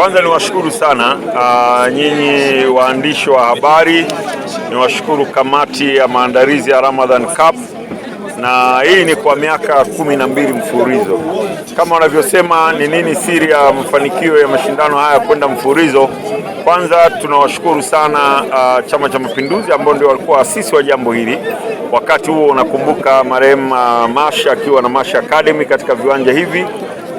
Kwanza niwashukuru sana ah, nyinyi waandishi wa habari, niwashukuru kamati ya maandalizi ya Ramadhan Cup, na hii ni kwa miaka kumi na mbili mfululizo. Kama wanavyosema ni nini siri ya mafanikio ya mashindano haya kwenda mfululizo? Kwanza tunawashukuru sana uh, Chama cha Mapinduzi ambao ndio walikuwa asisi wa jambo hili. Wakati huo unakumbuka marehemu uh, Masha akiwa na Masha Academy katika viwanja hivi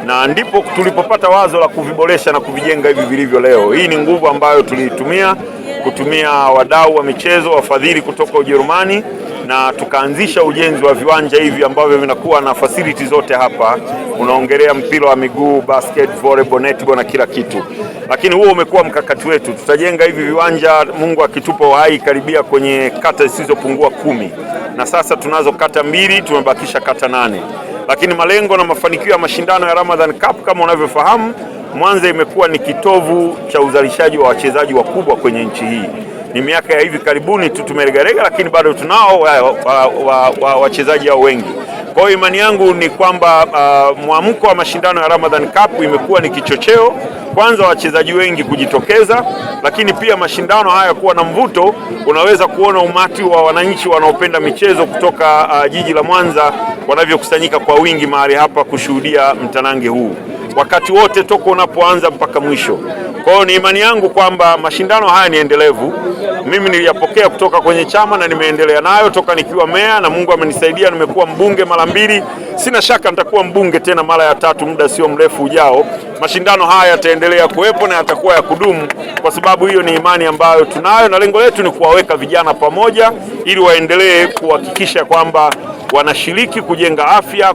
na ndipo tulipopata wazo la kuviboresha na kuvijenga hivi vilivyo leo. Hii ni nguvu ambayo tuliitumia kutumia wadau wa michezo, wafadhili kutoka Ujerumani na tukaanzisha ujenzi wa viwanja hivi ambavyo vinakuwa na facility zote hapa. Unaongelea mpira wa miguu, basket, volleyball, netball na kila kitu, lakini huo umekuwa mkakati wetu. Tutajenga hivi viwanja, Mungu akitupa uhai, karibia kwenye kata zisizopungua kumi, na sasa tunazo kata mbili, tumebakisha kata nane. Lakini malengo na mafanikio ya mashindano ya Ramadan Cup kama unavyofahamu, Mwanza imekuwa ni kitovu cha uzalishaji wa wachezaji wakubwa kwenye nchi hii. Ni miaka ya hivi karibuni tu tumeregarega, lakini bado tunao wachezaji hao wengi. Kwa hiyo imani yangu ni kwamba uh, mwamko wa mashindano ya Ramadhan Cup imekuwa ni kichocheo kwanza wachezaji wengi kujitokeza, lakini pia mashindano haya kuwa na mvuto. Unaweza kuona umati wa wananchi wanaopenda michezo kutoka uh, jiji la Mwanza wanavyokusanyika kwa wingi mahali hapa kushuhudia mtanange huu wakati wote toka unapoanza mpaka mwisho. Kwa hiyo ni imani yangu kwamba mashindano haya ni endelevu. Mimi niliyapokea kutoka kwenye chama na nimeendelea nayo toka nikiwa meya, na Mungu amenisaidia, nimekuwa mbunge mara mbili. Sina shaka nitakuwa mbunge tena mara ya tatu muda sio mrefu ujao. Mashindano haya yataendelea kuwepo na yatakuwa ya kudumu, kwa sababu hiyo ni imani ambayo tunayo, na lengo letu ni kuwaweka vijana pamoja ili waendelee kuhakikisha kwamba wanashiriki kujenga afya,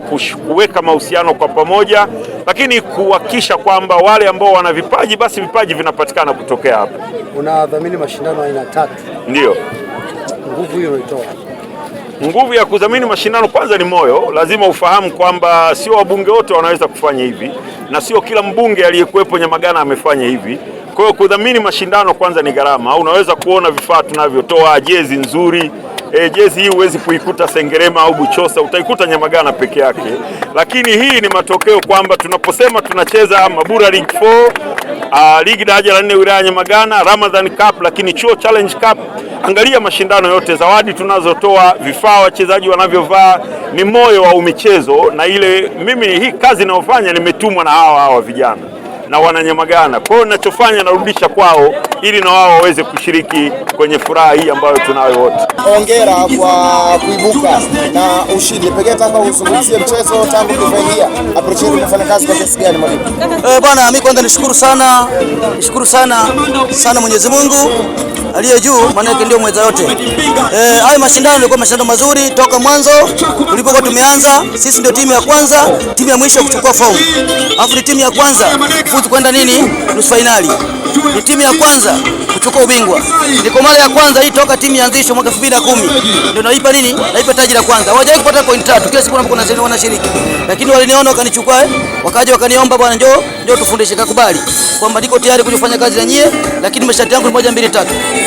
kuweka mahusiano kwa pamoja, lakini kuhakikisha kwamba wale ambao wana vipaji basi vipaji vinapatikana kutokea hapa. Unadhamini mashindano aina tatu, ndio nguvu hiyo unaitoa nguvu ya kudhamini mashindano kwanza ni moyo. Lazima ufahamu kwamba sio wabunge wote wanaweza kufanya hivi na sio kila mbunge aliyekuwepo Nyamagana amefanya hivi. Kwa hiyo kudhamini mashindano kwanza ni gharama. Unaweza kuona vifaa tunavyotoa, jezi nzuri e, jezi hii huwezi kuikuta Sengerema au Buchosa, utaikuta Nyamagana peke yake. Lakini hii ni matokeo kwamba tunaposema tunacheza Mabura League 4 ah, ligi daraja la nne wilaya Nyamagana, Ramadhan Cup, lakini Chuo Challenge Cup, angalia mashindano yote, zawadi tunazotoa, vifaa wachezaji wanavyovaa, ni moyo wa umichezo na ile mimi hii kazi inayofanya nimetumwa na hawa hawa vijana na wananyamagana. Kwa hiyo ninachofanya narudisha kwao, ili na wao waweze kushiriki kwenye furaha hii ambayo tunayo wote. Hongera kwa kuibuka na ushindi. Pekee nataka uzungumzie mchezo tangu kuingia Appreciate kufanya kazi kwa kiasi gani mwalimu? Eh, bwana, mimi kwanza nishukuru sana, nishukuru sana sana Mwenyezi Mungu aliye juu maana yake ndio mweza yote. Eh, haya mashindano yalikuwa mashindano mazuri toka mwanzo tulipokuwa tumeanza. Sisi ndio timu ya kwanza, timu ya mwisho kuchukua fomu. Alafu timu ya kwanza kufuzu kwenda nini, nusu fainali. Ni timu ya kwanza kuchukua ubingwa, ni kwa mara ya kwanza hii toka timu ianzishwe mwaka 2010 ndio naipa nini, naipa taji la kwanza. Hawajawahi kupata point tatu kila siku wanapokuwa wanashiriki, lakini waliniona wakanichukua, eh? wakaja wakaniomba, bwana, njoo njoo tufundishe. Kakubali kwamba niko tayari kufanya kazi na nyie, lakini masharti yangu ni moja mbili tatu.